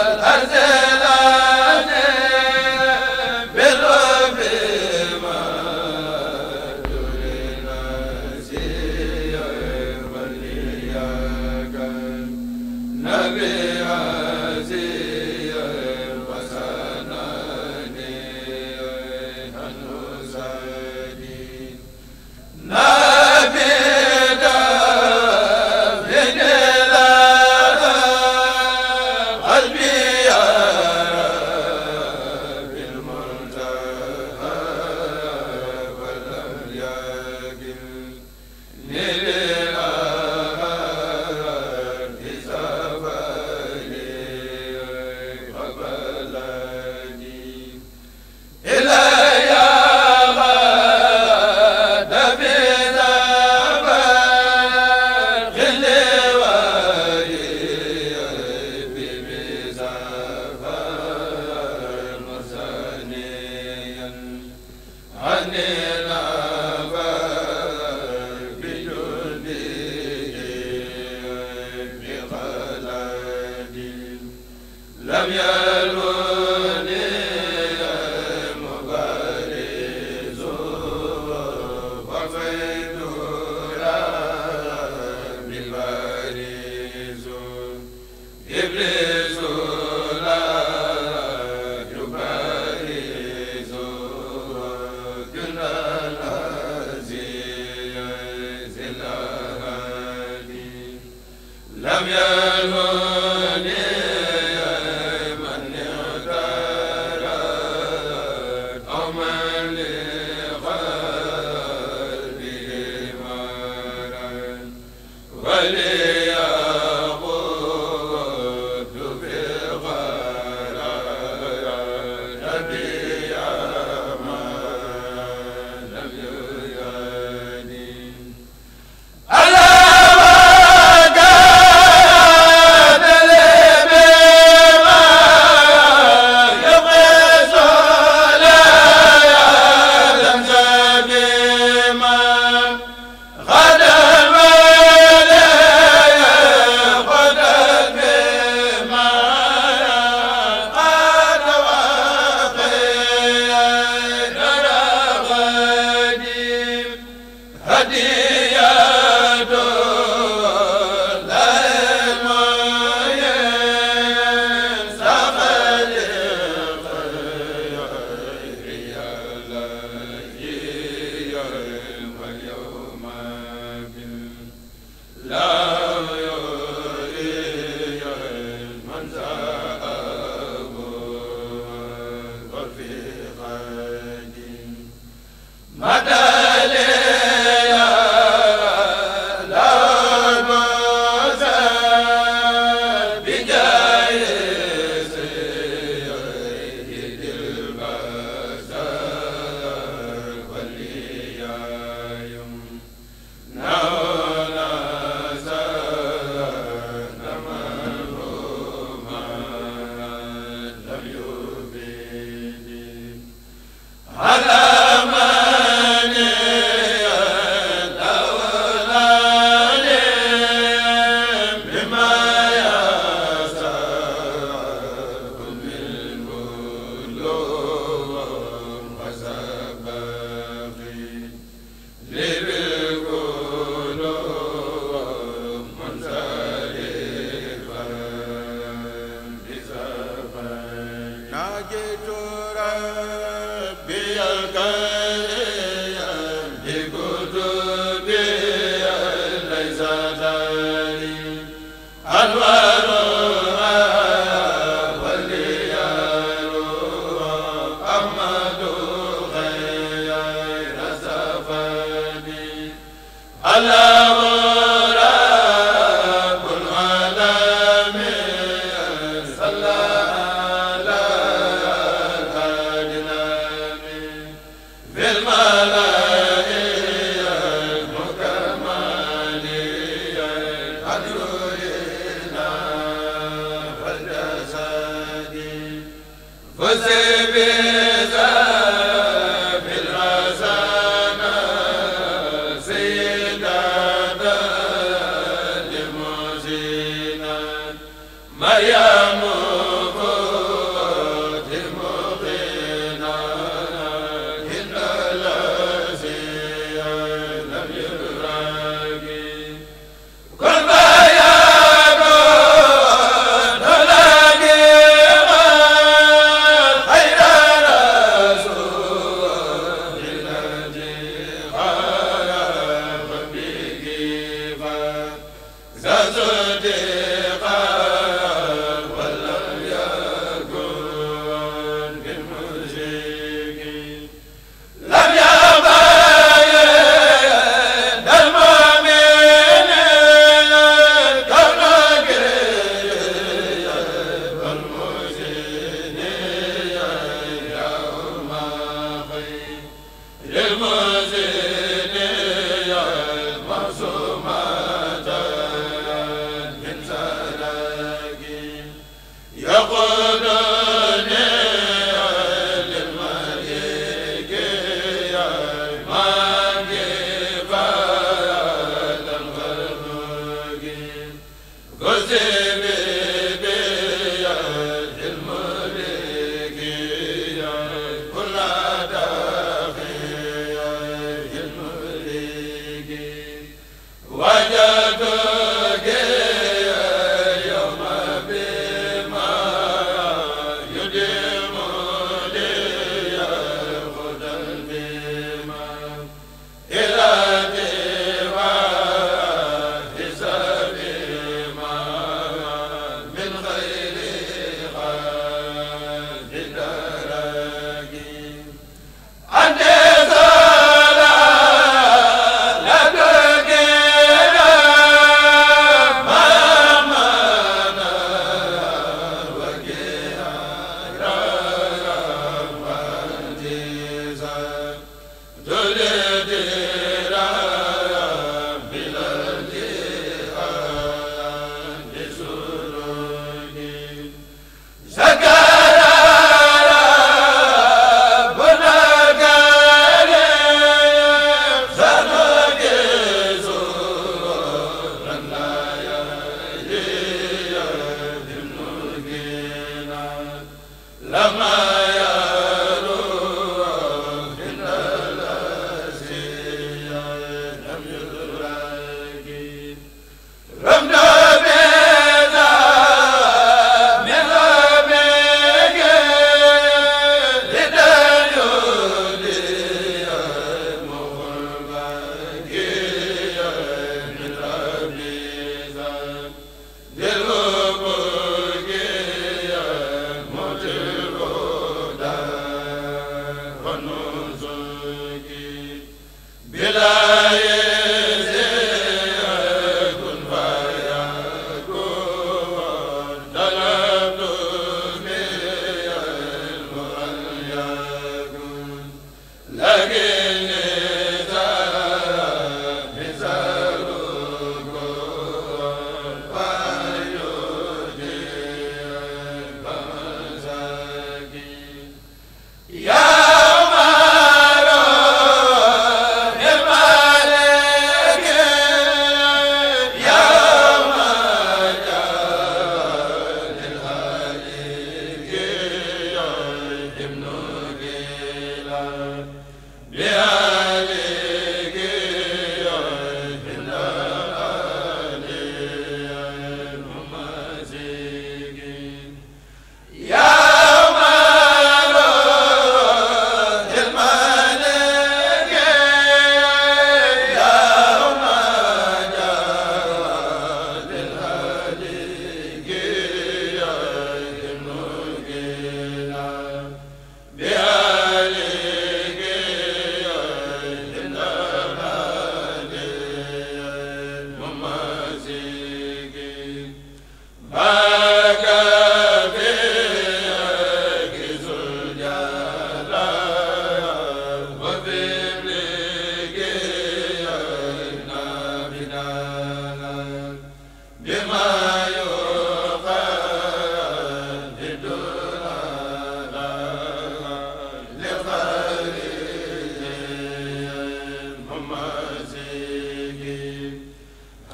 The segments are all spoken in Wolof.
a jo wa la bi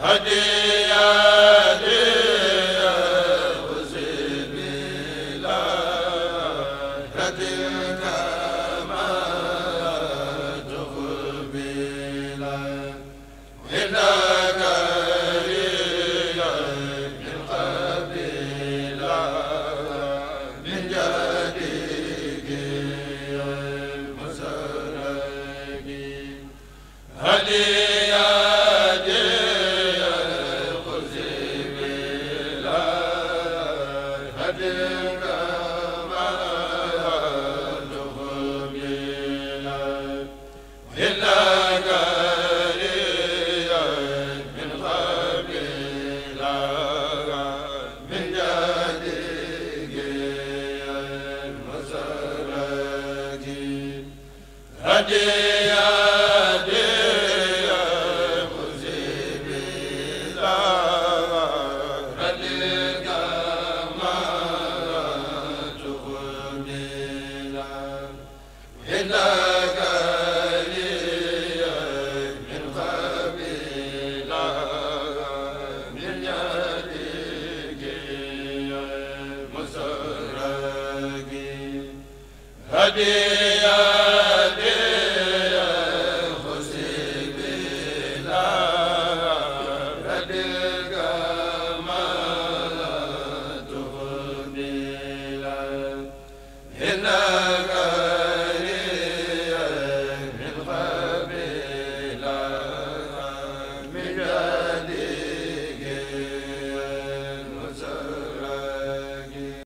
hadi